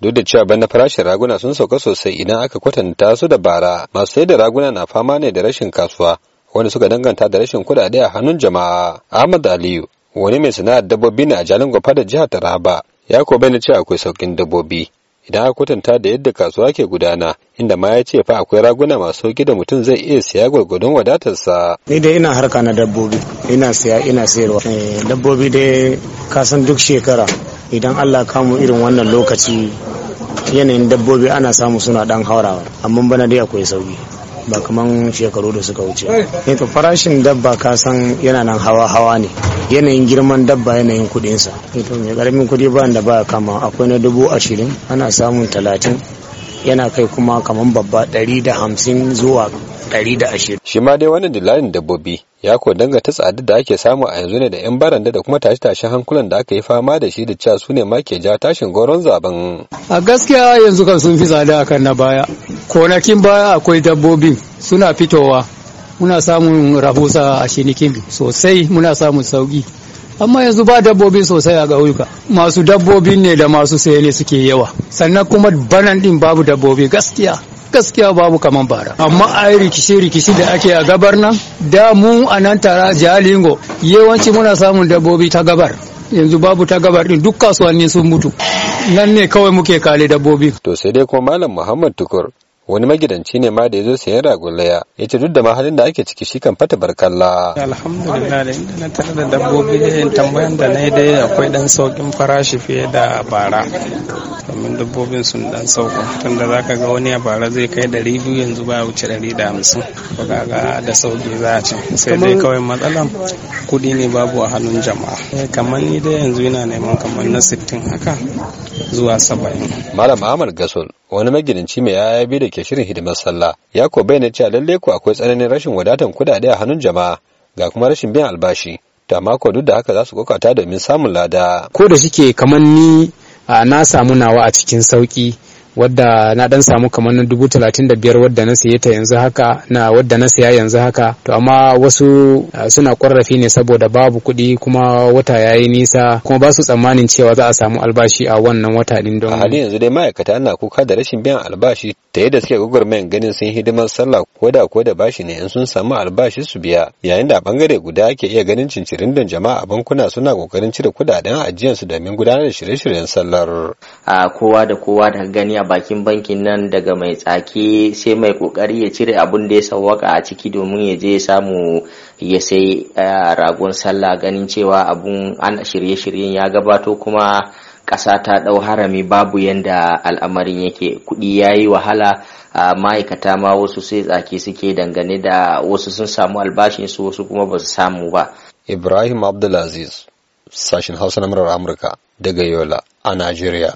duk da cewa bana farashin raguna sun sauka sosai idan aka kwatanta su da bara masu sai da raguna na fama ne da rashin kasuwa wanda suka danganta da rashin kuɗaɗe a hannun jama'a ahmad aliyu wani mai sana'ar dabbobi ne a jalin gwafa da jihar taraba ya ko na cewa akwai saukin dabbobi idan aka kwatanta da yadda kasuwa ke gudana inda ma ya ce fa akwai raguna masu sauki da mutum zai iya siya gwargwadon wadatarsa ni dai ina harka na dabbobi ina siya ina sayarwa eh, dabbobi dai kasan duk shekara idan allah kamu irin wannan lokaci yanayin dabbobi ana samu suna dan haurawa amma bana dai akwai sauki ba kaman shekaru da suka wuce ne eh to farashin dabba ka san yana nan hawa hawa ne yanayin girman dabba yanayin kudinsa eh to mai karamin kudi ba da ba kama akwai na dubu ashirin ana samun talatin yana kai kuma kaman babba ɗari da hamsin zuwa 120 shi ma dai wannan dillalin dabbobi ya ko ta tsada da ake samu a yanzu ne da yan baranda da kuma tashe-tashen hankulan da aka yi fama da shi da cewa su ne ma ke ja tashin goron zaben a gaskiya yanzu kan sun fi tsada akan na baya konakin baya akwai dabbobin suna fitowa muna samun rahusa a shinikin sosai muna samun sauki amma yanzu ba dabbobi sosai a gauyuka masu dabbobi ne da masu saye ne suke yawa sannan kuma banan din babu dabbobi gaskiya gaskiya babu kaman bara amma a yi rikici da ake a gabar nan da mu a nan tara jalingo yawanci muna samun dabbobi ta gabar yanzu babu ta gabar din duk kasuwanni sun mutu nan ne kawai muke kale dabbobi to sai dai kuma malam muhammad tukur wani magidanci ne ma da ya zo sayan ragulaya ya ce duk da ma halin da ake ciki shi kan fata barkalla alhamdulillah da inda na tare da dabbobi yin tambayan da na yi dai akwai dan saukin farashi fiye da bara domin dabbobin sun dan sauko tunda zaka ga wani a bara zai kai ɗari biyu yanzu ba wuce ɗari da hamsin to ga da sauki za a ci sai dai kawai matsalan kuɗi ne babu a hannun jama'a eh, kamar ni da yanzu ina neman kamar na sittin haka zuwa saba'in malam ahmad gasol wani magidanci mai yaya biyu da ke shirin hidimar sallah ya ko bayyana cewa lalle ko akwai tsananin rashin wadatan kudade a hannun jama'a ga kuma rashin biyan albashi ta mako duk da haka za su kokata domin samun lada ko da shike kamar ni na samu nawa a cikin sauki wadda na dan samu kamar na dubu talatin da biyar wadda na saye ta yanzu haka na wadda na saya yanzu haka to amma wasu ah, suna ƙorafi ne saboda babu kuɗi kuma wata ya yi nisa kuma ba su tsammanin cewa za a samu albashi a wannan wata din don a halin yanzu dai ma'aikata na kuka da rashin biyan albashi ta yadda suke gwagwarmayan ganin sun hidimar sallah ko da ko da bashi ne in sun samu albashi su biya yayin da a bangare guda ake iya ganin cincirin don jama'a bankuna suna kokarin cire kuɗaɗen ajiyarsu domin gudanar da shirye-shiryen sallar a kowa da kowa da gani bakin bankin nan daga mai tsaki sai mai kokari ya cire abun da ya sawwaka a ciki domin ya je samu ya sai ragon sallah ganin cewa abun an shirye-shiryen ya gabato kuma ƙasa ta ɗau harami babu yanda al'amarin yake kuɗi ya yi wahala a ma'aikata ma wasu sai tsaki suke dangane da wasu sun samu su wasu kuma ba su samu ba ibrahim abdulaziz sashen hausa na murar amurka daga yola a najeriya